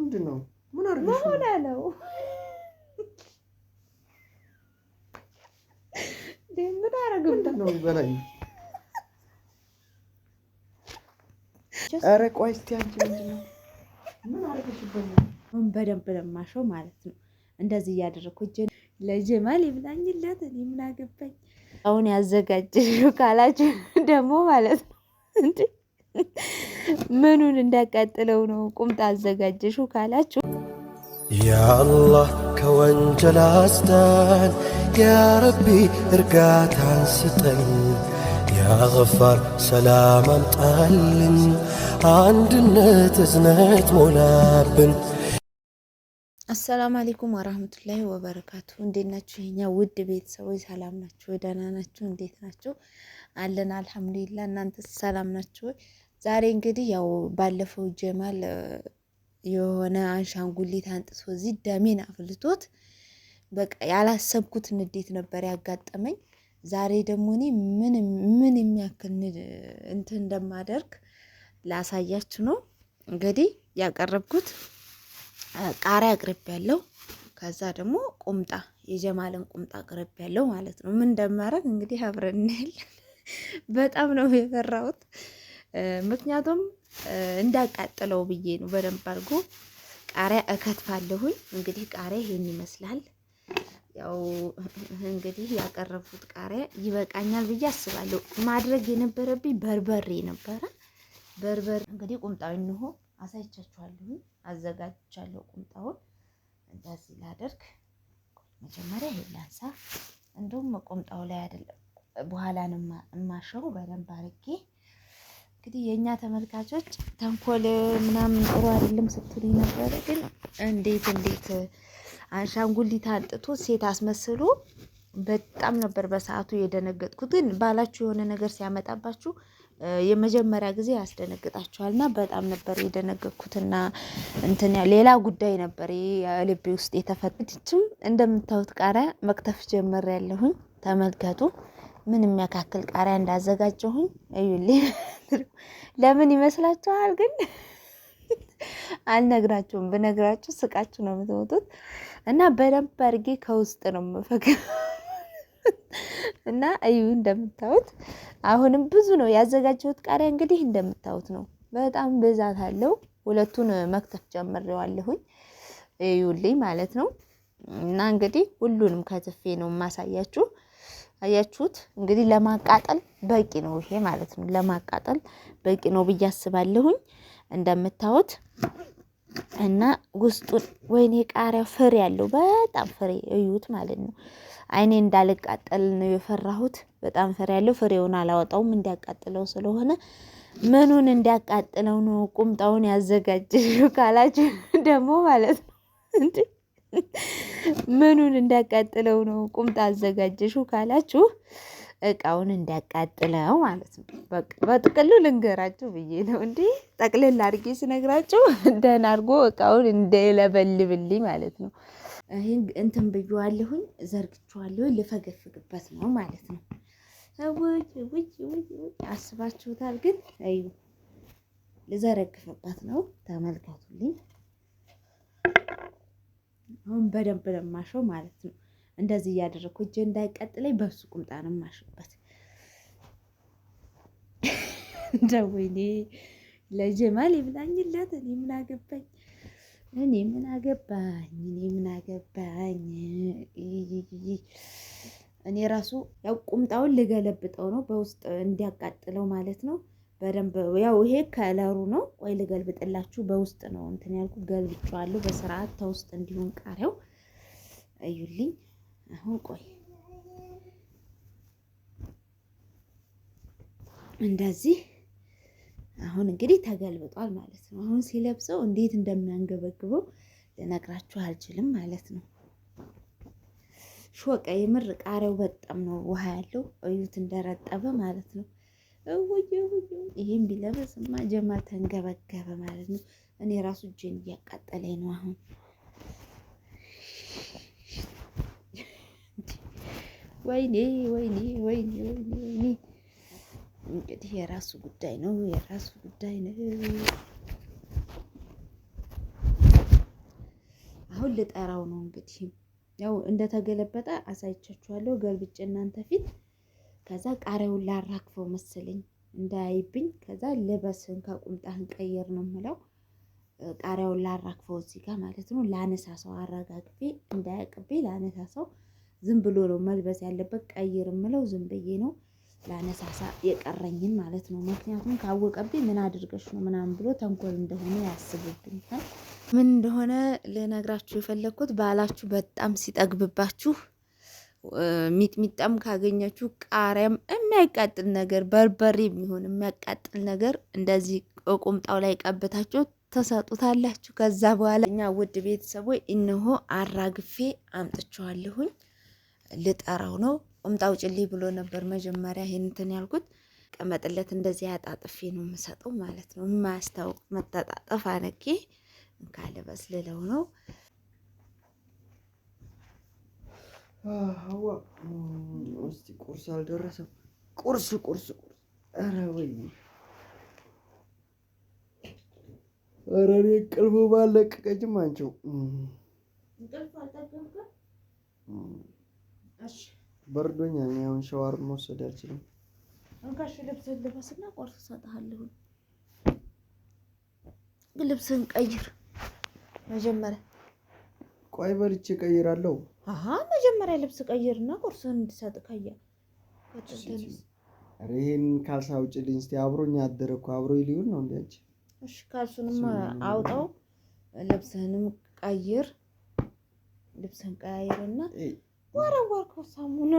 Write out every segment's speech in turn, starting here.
ምንድን ነው? ምን አድርገሽ ነው? ምን ነው አንቺ ነው ምን በደንብ ለማሸው ማለት ነው። እንደዚህ እያደረግኩ እጄ ለጀማል ይብላኝለት እኔ ምን አገባኝ። አሁን ያዘጋጀሽው ካላችሁ ደግሞ ማለት ነው እንዴ ምኑን እንዳቃጥለው ነው ቁምጣ አዘጋጀሽው ካላችሁ፣ ያአላህ ከወንጀል አጽዳን፣ ያረቢ እርጋታን ስጠን፣ ያገፋር ሰላም አምጣልን፣ አንድነት እዝነት ሞላብን። አሰላም አሌይኩም ወራህመቱላሂ ወበረካቱ። እንዴት ናችሁ? የኛ ውድ ቤተሰቦች ሰላም ናችሁ? ደህና ናችሁ? እንዴት ናችሁ? አለን አልሐምዱሊላ። እናንተ ሰላም ናችሁ? ዛሬ እንግዲህ ያው ባለፈው ጀማል የሆነ አንሻንጉሊት አንጥሶ እዚህ ደሜን አፍልቶት በቃ ያላሰብኩት ንዴት ነበር ያጋጠመኝ። ዛሬ ደግሞ እኔ ምን የሚያክል እንትን እንደማደርግ ላሳያችሁ ነው እንግዲህ ያቀረብኩት ቃሪያ አቅርብ ያለው ከዛ ደግሞ ቁምጣ የጀማልን ቁምጣ አቅርብ ያለው ማለት ነው። ምን እንደማረግ እንግዲህ አብረን እናያለን። በጣም ነው የፈራሁት፣ ምክንያቱም እንዳቃጥለው ብዬ ነው። በደንብ አድርጎ ቃሪያ እከትፋለሁኝ። እንግዲህ ቃሪያ ይሄን ይመስላል። ያው እንግዲህ ያቀረብኩት ቃሪያ ይበቃኛል ብዬ አስባለሁ። ማድረግ የነበረብኝ በርበሬ ነበረ። በርበሬ እንግዲህ ቁምጣዊ እንሆ አሳይቻችኋለሁ። አዘጋጅቻለሁ ቁምጣውን እንደዚህ ላደርግ። መጀመሪያ ይሄን ላንሳ። እንደውም ቁምጣው ላይ አይደለም በኋላን እማሸው በደንብ አርጌ እንግዲህ የእኛ ተመልካቾች ተንኮል ምናምን ጥሩ አይደለም ስትሉ ነበረ። ግን እንዴት እንዴት አንሻንጉሊት አንጥቶ ሴት አስመስሎ በጣም ነበር በሰዓቱ የደነገጥኩት። ግን ባላችሁ የሆነ ነገር ሲያመጣባችሁ የመጀመሪያ ጊዜ ያስደነግጣችኋል እና በጣም ነበር የደነገጥኩትና እንትን ሌላ ጉዳይ ነበር የልቤ ውስጥ የተፈጥችም። እንደምታዩት ቃሪያ መክተፍ ጀመር ያለሁኝ ተመልከቱ። ምን የሚያካክል ቃሪያ እንዳዘጋጀሁኝ እዩልኝ። ለምን ይመስላችኋል ግን አልነግራችሁም። ብነግራችሁ ስቃችሁ ነው የምትሞቱት። እና በደንብ አድርጌ ከውስጥ ነው የምፈገው እና እዩ እንደምታዩት አሁንም ብዙ ነው ያዘጋጀሁት ቃሪያ እንግዲህ እንደምታዩት ነው። በጣም ብዛት አለው። ሁለቱን መክተፍ ጀምሬዋለሁኝ እዩልኝ ማለት ነው። እና እንግዲህ ሁሉንም ከትፌ ነው የማሳያችሁ። አያችሁት እንግዲህ ለማቃጠል በቂ ነው ይሄ ማለት ነው። ለማቃጠል በቂ ነው ብዬ አስባለሁኝ እንደምታዩት እና ውስጡን ወይኔ ቃሪያ ፍሬ ያለው በጣም ፍሬ እዩት ማለት ነው። አይኔ እንዳልቃጠል ነው የፈራሁት። በጣም ፍሬ ያለው ፍሬውን አላወጣውም እንዲያቃጥለው ስለሆነ ምኑን እንዲያቃጥለው ነው ቁምጣውን ያዘጋጀው ካላችሁ ደግሞ ማለት ነው እንዴ ምኑን እንዳቃጥለው ነው ቁምጣ አዘጋጀሹ ካላችሁ እቃውን እንዲያቃጥለው ማለት ነው። በጥቅሉ ልንገራችሁ ብዬ ነው እንዲ ጠቅልል አድርጌ ስነግራችሁ ደህና አድርጎ እቃውን እንደለበልብልኝ ማለት ነው። ይህን እንትን ብዬዋለሁኝ፣ ዘርግቼዋለሁኝ፣ ልፈገፍግበት ነው ማለት ነው። ውጭ ውጭ ውጭ አስባችሁታል። ግን እዩ ልዘረግፍበት ነው። ተመልከቱልኝ። አሁን በደንብ ለማሸው ማለት ነው። እንደዚህ እያደረግኩ እጄ እንዳይቀጥለኝ በሱ ቁምጣ ነው ማሽበት። እንደው ለጀማል ይብላኝለት። እኔ ምን አገባኝ? እኔ ምን አገባኝ? እኔ ምን አገባኝ? እኔ ራሱ ያው ቁምጣውን ልገለብጠው ነው በውስጥ እንዲያቃጥለው ማለት ነው። በደንብ ያው ይሄ ከለሩ ነው። ቆይ ልገልብጥላችሁ በውስጥ ነው እንትን ያልኩ ገልብጫዋለሁ። በስርዓት ተውስጥ እንዲሆን ቃሪያው እዩልኝ። አሁን ቆይ እንደዚህ አሁን እንግዲህ ተገልብጧል ማለት ነው። አሁን ሲለብሰው እንዴት እንደሚያንገበግበው ልነግራችሁ አልችልም ማለት ነው። ሾቀ የምር ቃሪያው በጣም ነው ውሃ ያለው እዩት፣ እንደረጠበ ማለት ነው። እውዬ እውዬ ይሄን ቢለበስማ ጀማ ተንገበገበ ማለት ነው። እኔ ራሱ እጄን እያቃጠለኝ ነው አሁን። ወይኔ ወይኔ ወይኔ ወይኔ ወይኔ። እንግዲህ የራሱ ጉዳይ ነው፣ የራሱ ጉዳይ ነው። አሁን ልጠራው ነው እንግዲህ ያው እንደተገለበጠ አሳይቻችኋለሁ ገልብጭ እናንተ ፊት። ከዛ ቃሪያውን ላራክፈው መሰለኝ እንዳያይብኝ። ከዛ ልበስን ከቁምጣህን ቀየር ነው የምለው። ቃሪያውን ላራክፈው እዚህ ጋር ማለት ነው። ላነሳሳው አረጋግፌ እንዳያቅቤ ላነሳሳው ዝም ብሎ ነው መልበስ ያለበት። ቀይር የምለው ዝም ብዬ ነው ላነሳሳ የቀረኝን ማለት ነው። ምክንያቱም ካወቀብኝ ምን አድርገሽ ነው ምናምን ብሎ ተንኮል እንደሆነ ያስብብኛል። ምን እንደሆነ ልነግራችሁ የፈለግኩት ባላችሁ በጣም ሲጠግብባችሁ ሚጥሚጣም ካገኛችሁ ቃሪያም የሚያቃጥል ነገር በርበሬ የሚሆን የሚያቃጥል ነገር እንደዚህ ቁምጣው ላይ ቀብታችሁ ተሰጡታላችሁ። ከዛ በኋላ እኛ ውድ ቤተሰቦች እነሆ አራግፌ አምጥቸዋለሁኝ። ልጠራው ነው። ቁምጣው ጭሊ ብሎ ነበር መጀመሪያ። ይሄን እንትን ያልኩት ቀመጥለት እንደዚህ አጣጥፌ ነው የምሰጠው ማለት ነው። የማያስታውቅ መጠጣጠፍ አነቄ እንካልበስ በስልለው ነው። ስ ቁርስ አልደረሰም። ቁርስ ቁርስ ቁርስ ኧረ ወይ ኧረ እኔ ቅልቡ ባለቀቀችም አንቺው በርዶኛል። አሁን ሸዋር መውሰድ አልችልም። እንካሽ ልብስህን ልበስና ቆርስ እሰጥሃለሁ። ልብስህን ቀይር መጀመሪያ። ቆይ በልቼ ቀይራለሁ። አሀ መጀመሪያ ልብስ ቀይርና ቆርስህን እንድሰጥ ከያ ይሄን ካልሳ አውጪልኝ እስኪ። አብሮኝ አደረ እኮ አብሮኝ ሊሆን ነው እንዴ? እሺ ካልሱንም አውጣው፣ ልብስህንም ቀይር። ልብስህን ቀያይርና ወረወርከው። ሳሙን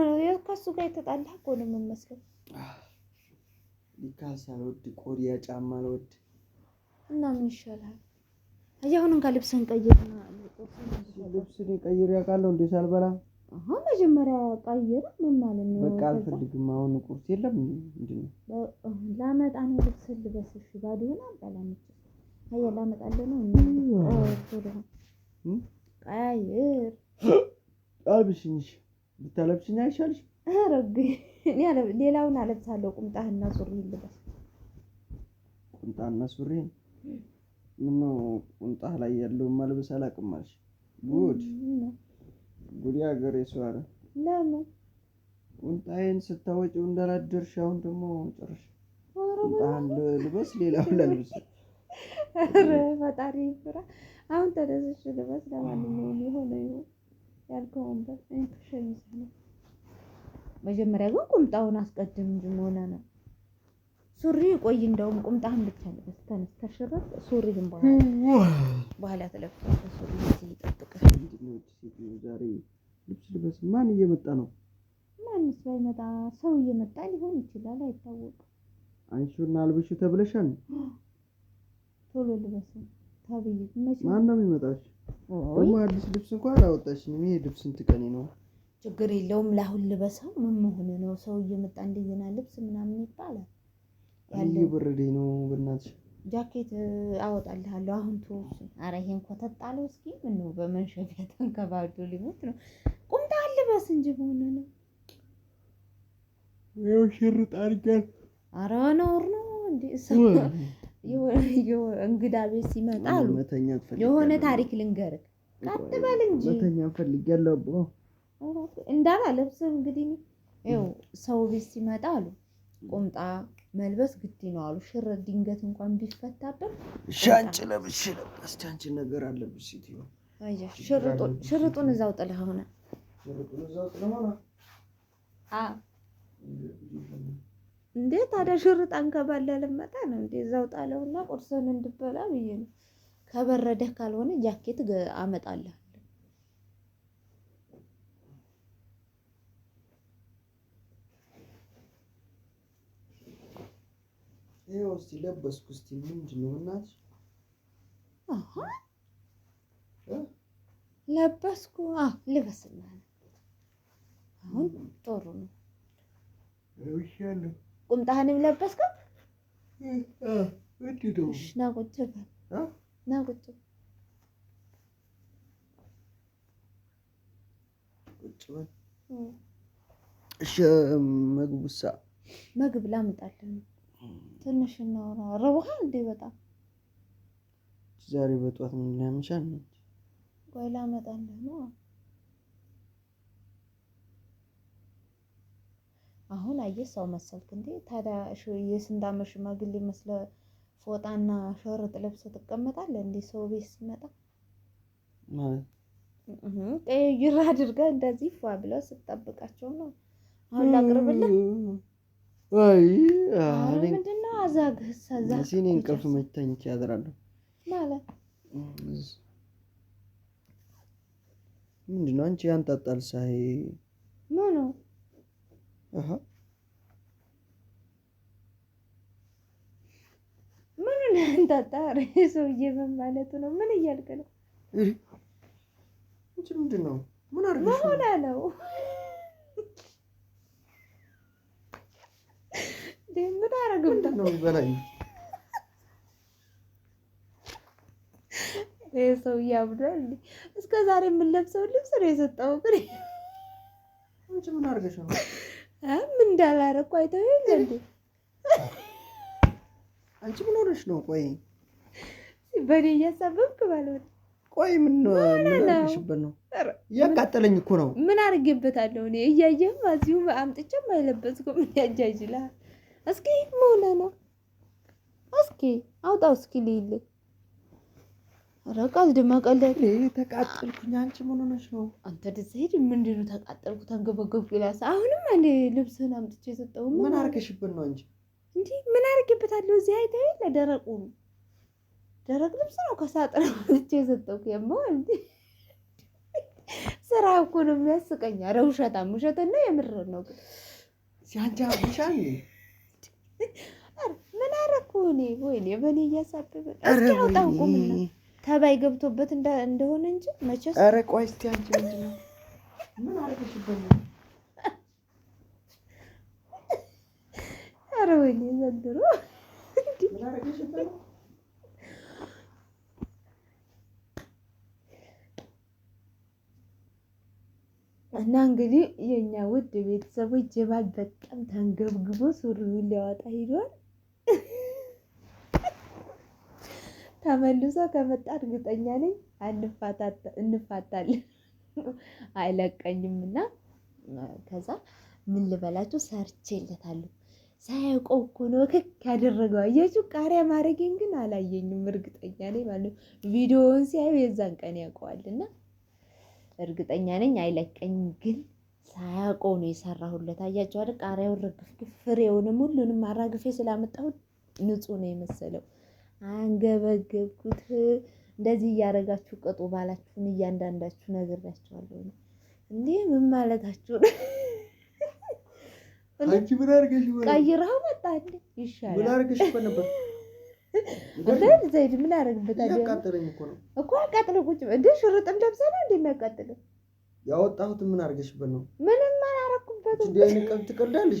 ከሱ ጋር የተጣላ እኮ ነው የምመስለው። ሊካሳ አልወድ፣ ቆሪያ ጫማ አልወድ እና ምን ይሻላል? አሁን ጋር ልብስን ቀይርና ልብስን ቀይር። ያውቃለሁ እንዴ ሳልበላ አሁን መጀመሪያ ቀይር። ምን ማለት ነው? በቃ አልፈልግም። አሁን ቁርስ የለም እንዴ? ላመጣ ነው ልብስ ልበስ። እሺ፣ ባዶህን አልበላም። አየህ ላመጣልህ ነው። ቀይር አልብሽኝ ብታለብሽኝ አይሻልሽ? ኧረ እኔ ሌላውን አለብሳለሁ። ቁምጣህና ሱሪ ልበስ። ቁምጣህና ሱሪ ምነው? ቁምጣህ ላይ ያለውን ማልበስ አላውቅም አልሽ? ጉድ ጉድ! ሀገር የሰው አለ። ለምን ቁምጣዬን ስታወጪው እንዳላደርሽ፣ አሁን ደግሞ ጭራሽ ቁምጣህን ልበስ፣ ሌላውን ላልብስ። ኧረ ፈጣሪ ፍራ። አሁን ተደስሽ ልበስ። ለማንኛውም የሆነ ወንበር ሸሚዝ ነው። መጀመሪያ ግን ቁምጣውን አስቀድም እንጂ መሆነ ነው። ሱሪ ቆይ፣ እንደውም ቁምጣህን ብቻ ልበስ። ተነስ ተሽረት፣ ሱሪህን በኋላ ሱሪ ልብስ ልበስ። ማን እየመጣ ነው? ማንስ ባይመጣ ሰው እየመጣ ሊሆን ይችላል፣ አይታወቅም። ተብለሻል። ቶሎ ልበስ ማን ነው የሚመጣሽ? ደግሞ አዲስ ልብስ እንኳን አላወጣሽም። ይሄ ልብስ ስንት ቀን ነው? ችግር የለውም ለአሁን ልበሰው። ምን መሆን ነው? ሰው እየመጣ እንደገና ልብስ ምናምን ይባላል። ይህ ብርዴ ነው። በእናትሽ ጃኬት አወጣልሃለሁ። አሁን ትወሱ። አረ ይሄን ኮተት ጣለው ምን ነው በመንሸፊያ ተንከባዶ ሊሞት ነው። ቁምጣ ልበስ እንጂ መሆን ነው። ይኸው ሽርጥ አድርጊያለሁ። አረ ነውር ነው እንዴ? እንግዳ ቤት ሲመጣ አሉ የሆነ ታሪክ ልንገርህ። ቀጥ በል እንዳላ ለብሰ እንግዲህ ይኸው ሰው ቤት ሲመጣ አሉ ቁምጣ መልበስ ግድ ነው አሉ። ሽር ድንገት እንኳን ቢፈታበት ሻንጭ ለብሽ ለበስ ቻንጭ ነገር አለብሽ ሴትዮ ሽርጡን እዛው ጥለህ ሆነ እንዴ ታዲያ ሽርጣን አንከባላ ልመጣ ነው እንዴ? እዛው ጣለውና ቁርስን እንድበላ ብዬ ነው። ከበረደህ ካልሆነ ጃኬት አመጣለሁ። ይኸው እስኪ ለበስኩ። እስኪ ምንድን ነው እናት? አሃ ለበስኩ። አዎ ልበስና አሁን ጥሩ ነው። ቁምጣህንም ለበስከው። ና ቁጭ ና ቁጭ እሺ። ምግብ ላምጣልን? ትንሽ እናውራ። ረቡሃል እንዴ? በጣም ዛሬ በጧት ነው የሚያምሻል። ቆይ ላመጣልህ ነው አሁን አየህ ሰው መሰልክ እንዴ ታዲያ የስንት ዓመት ሽማግሌ መስለ ፎጣና ሸርጥ ለብሰ ትቀመጣለህ እንዴ ሰው ቤት ሲመጣ ቀይር አድርገህ እንደዚህ ፏ ብለው ስጠብቃቸው ነው። አሁን ላቅርብልህ። ምንድን ነው አዛግህስ? አዛግህ እኔ እንቅልፍ መታኝቼ አድራለሁ ማለት ምንድን ነው አንቺ ያንጣጣል ሳይ ምኑ Uh-huh. ምን አንታጣሪ ሰውዬ ምን ማለት ነው? ምን እያልክ ነው? እንጂ ምንድን ነው? ምን ሆና ነው ምን አደረገው? ምንድን ነው በላይ ሰው እያብዷል። እስከ ዛሬ የምንለብሰውን ልብስ ነው የሰጠው። ግን ምን አድርገሽ ነው ምን እንዳላረኩ አይተው እንዴ? አንቺ ምን ሆነሽ ነው? ቆይ በእኔ እያሳበብክ ባልሆነ። ቆይ ምን ሽበት ነው? እያቃጠለኝ እኮ ነው። ምን አድርጌበታለሁ እኔ? እያየህም እዚሁ አምጥቼም አይለበስኩም። ምን ያጃጅልሃል? እስኪ መሆነ ነው። እስኪ አውጣው እስኪ ልይልህ ረቃዝ ድመቀለል ተቃጠልኩኝ። አንቺ ምን ሆነሽ ነው? አንተ ድዘሄድ ምንድን ነው ተቃጠልኩ፣ ተንገበገብኩ ይላስ። አሁንም አንዴ ልብስህን አምጥቼ የሰጠው ምን አርገሽብን ነው እንጂ እንዲ ምን አርግበታለሁ? እዚህ አይተ ለደረቁ ደረቅ ልብስ ነው ከሳጥን አምጥቼ የሰጠው የማ እንዲ ስራ እኮ ነው የሚያስቀኝ። ኧረ ውሸታም ውሸትና የምር ነው ሲያንቺ አብሻ ምን አረኩ እኔ? ወይኔ በእኔ እያሳበበ እስኪ አውጣ ቁምና ተባይ ገብቶበት እንደሆነ እንጂ መቼስ። ኧረ ቆይ እስኪ አንቺ ምንድን ነው ምን አደረገችበት ነው? ኧረ ወይኔ ዘንድሮ እና እንግዲህ የእኛ ውድ ቤተሰቦች ጀባል በጣም ተንገብግቦ ሱሪውን ሊያወጣ ሂዷል። ተመልሶ ከመጣ እርግጠኛ ነኝ እንፋታለን፣ አይለቀኝም። እና ከዛ ምን ልበላችሁ ሰርቼለታለሁ። ሳያውቀው እኮ ነው ክክ ያደረገው። አያችሁ፣ ቃሪያ ማድረጌን ግን አላየኝም። እርግጠኛ ነኝ ማለት ቪዲዮውን ሲያዩ የዛን ቀን እና እርግጠኛ ነኝ አይለቀኝም። ግን ሳያውቀው ነው የሰራሁለት። አያችሁ አይደል? ቃሪያውን ረግፍግፍ ፍሬውንም ሁሉንም አራግፌ ስላመጣሁት ንጹህ ነው የመሰለው። አንገበገብኩት። እንደዚህ እያደረጋችሁ ቅጡ ባላችሁን እያንዳንዳችሁ ነግራችኋለሁ። እንዲህ ምን ማለታችሁ ነው? አንቺ ምን አድርገሽ ነው? መጣ ይሻላል። ምን አድርገሽ ነበር? እንደዚህ ዘይድ ምን አደርግበታለሁ? እኮ ነው እኮ አቃጥለ ቁጭ እንዴ ሽርጥም ለብሰና እንዴ ያወጣሁት ምን አድርገሽበት ነው? ምንም አላደረኩበትም። እንዴ ንቀም ትቀርዳለሽ